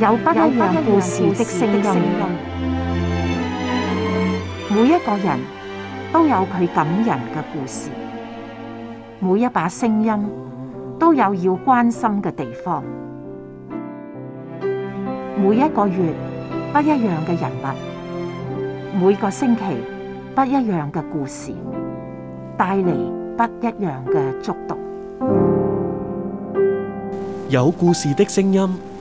有不一樣故事的聲音，每一個人都有佢感人嘅故事，每一把聲音都有要關心嘅地方，每一個月，不一樣嘅人物，每個星期，不一樣嘅故事，帶嚟不一樣嘅觸動。有故事的聲音。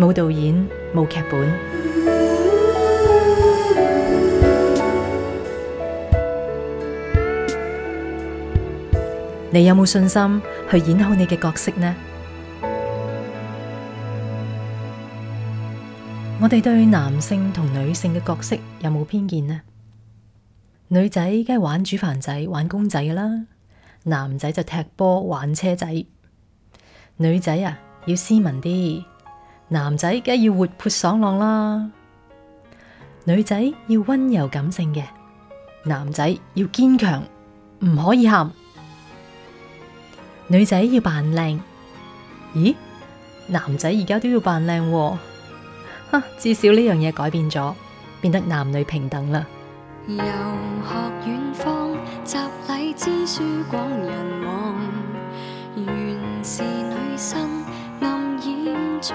冇導演，冇劇本，你有冇信心去演好你嘅角色呢？我哋對男性同女性嘅角色有冇偏見呢？女仔梗係玩煮飯仔、玩公仔㗎啦，男仔就踢波、玩車仔，女仔啊，要斯文啲。男仔梗係要活潑爽朗啦，女仔要溫柔感性嘅，男仔要堅強，唔可以喊，女仔要扮靚。咦？男仔而家都要扮靚喎，啊，至少呢樣嘢改變咗，變得男女平等啦。遊學遠方，習禮知書廣人望，原是女生暗演出。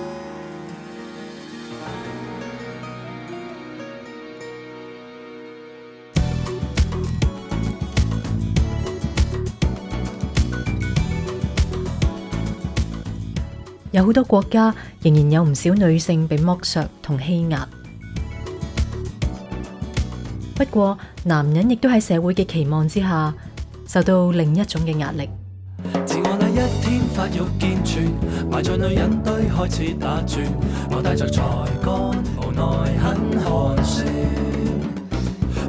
有好多國家仍然有唔少女性被剝削同欺壓，不過男人亦都喺社會嘅期望之下受到另一種嘅壓力。自我那一天發育健全，埋在女人堆開始打轉。我帶着才幹，無奈，很寒酸。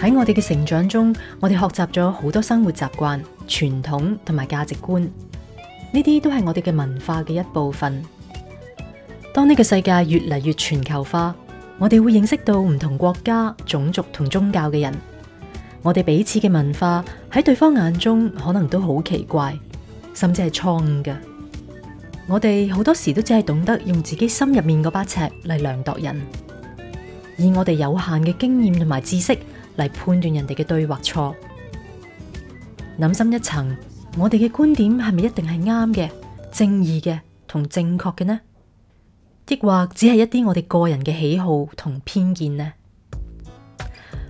喺我哋嘅成長中，我哋學習咗好多生活習慣、傳統同埋價值觀，呢啲都係我哋嘅文化嘅一部分。當呢個世界越嚟越全球化，我哋會認識到唔同國家、種族同宗教嘅人，我哋彼此嘅文化喺對方眼中可能都好奇怪，甚至係錯誤嘅。我哋好多時都只係懂得用自己心入面嗰把尺嚟量度人，以我哋有限嘅經驗同埋知識。嚟判斷人哋嘅對或錯，諗深一層，我哋嘅觀點係咪一定係啱嘅、正義嘅同正確嘅呢？亦或只係一啲我哋個人嘅喜好同偏見呢？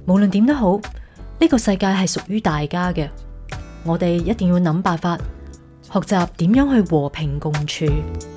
無論點都好，呢個世界係屬於大家嘅，我哋一定要諗辦法學習點樣去和平共處。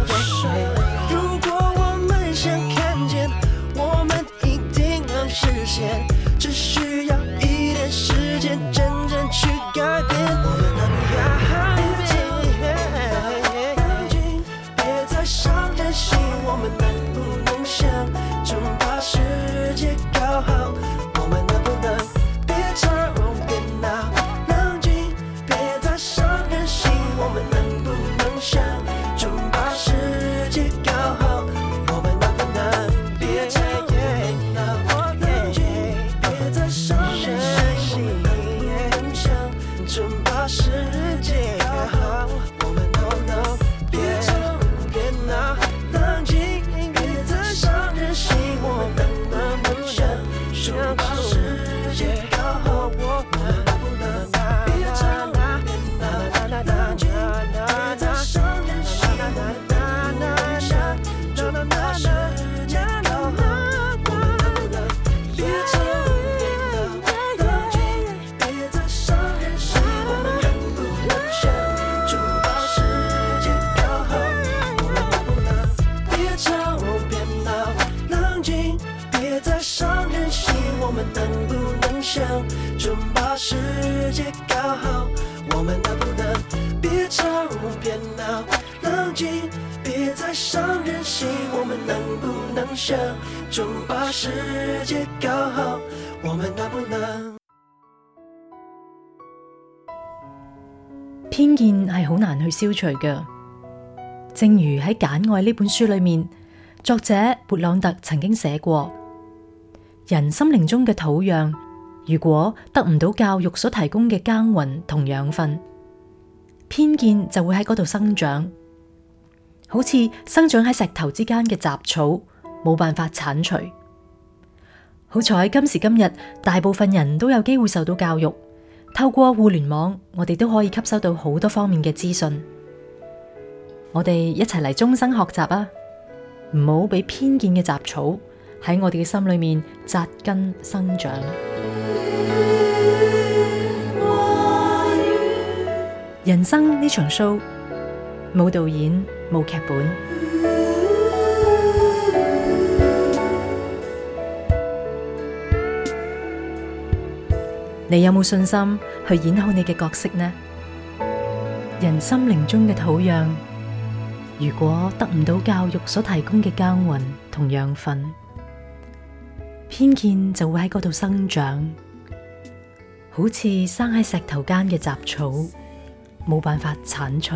偏見係好難去消除㗎。正如喺《簡愛》呢本書裏面，作者勃朗特曾經寫過：人心靈中嘅土壤，如果得唔到教育所提供嘅耕耘同養分，偏見就會喺嗰度生長。好似生長喺石頭之間嘅雜草，冇辦法鏟除。好彩今時今日，大部分人都有機會受到教育，透過互聯網，我哋都可以吸收到好多方面嘅資訊。我哋一齊嚟終生學習啊！唔好俾偏見嘅雜草喺我哋嘅心裏面紮根生長。人生呢場 show 冇導演。冇劇本，你有冇信心去演好你嘅角色呢？人心靈中嘅土壤，如果得唔到教育所提供嘅耕耘同養分，偏見就會喺嗰度生長，好似生喺石頭間嘅雜草，冇辦法鏟除。